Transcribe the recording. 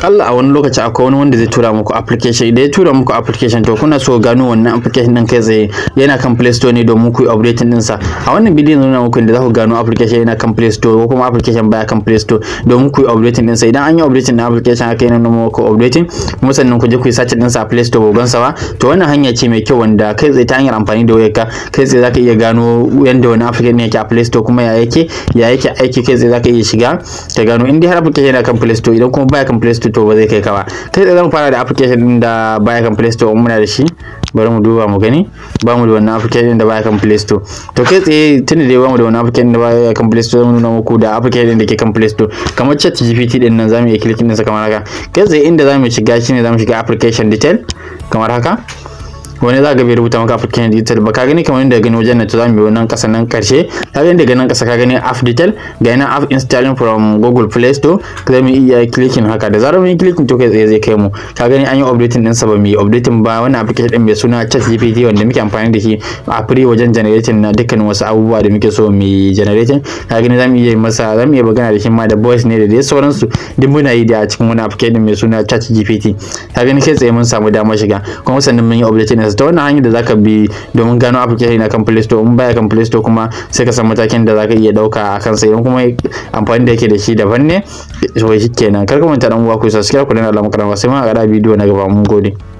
kalla a wani lokaci akwai wani wanda zai tura muku application idan ya tura muku application to kuna so gano wannan application din kai tsaye yana kan play store ne domin ku yi updating din sa a wannan bidiyon nuna muku inda za ku gano application yana kan play store ko kuma application baya kan play store domin ku yi updating din sa idan an yi updating na application aka nan mu ko updating kuma sannan ku je ku yi search din sa a play store sa ba to wannan hanya ce mai kyau wanda kai tsaye ta hanyar amfani da wayarka kai tsaye zaka iya gano yanda wani application yake a play store kuma ya yake ya yake aiki kai tsaye zaka iya shiga ka gano in dai har application yana kan play store idan kuma baya kan play store store to ba zai kai ka ba kai da zamu fara da application din da baya kan play store muna da shi bari mu duba mu gani ba mu da wannan application din da baya kan play store to kai tsaye tunda dai ba mu da wannan application din da baya kan play store zamu nuna muku da application din da ke kan play store kamar chat gpt din nan zamu iya clicking din sa kamar haka kai tsaye inda zamu shiga shine zamu shiga application detail kamar haka wani za ga bi rubuta maka African Digital ba ka gani kamar yadda gani wajen na za mu yi wannan ƙasa nan ƙarshe ka gani daga nan ƙasa ka gani app detail ga yana app installing from Google Play Store zai mu iya clicking haka da zarar mun yi clicking to kai tsaye zai kai mu ka gani an yi updating ɗinsa ba mu yi updating ba wannan application ɗin mai suna ChatGPT wanda muke amfani da shi a free wajen generating na dukkan wasu abubuwa da muke so mu yi generating ka gani za mu iya masa za mu iya magana da shi ma da voice ne da dai sauransu duk muna yi da a cikin wani application mai suna ChatGPT ka gani kai tsaye mun samu damar shiga kuma sannan mun yi updating ta wannan hanyar da zaka bi domin gano application na kan Play Store in baya kan Play Store kuma sai ka san matakin da zaka iya dauka a sai idan kuma amfani da yake da shi daban ne to shikenan kar ka manta dan uwa ku subscribe ku dana alamar karama sai mun ga bidiyo na gaba mun gode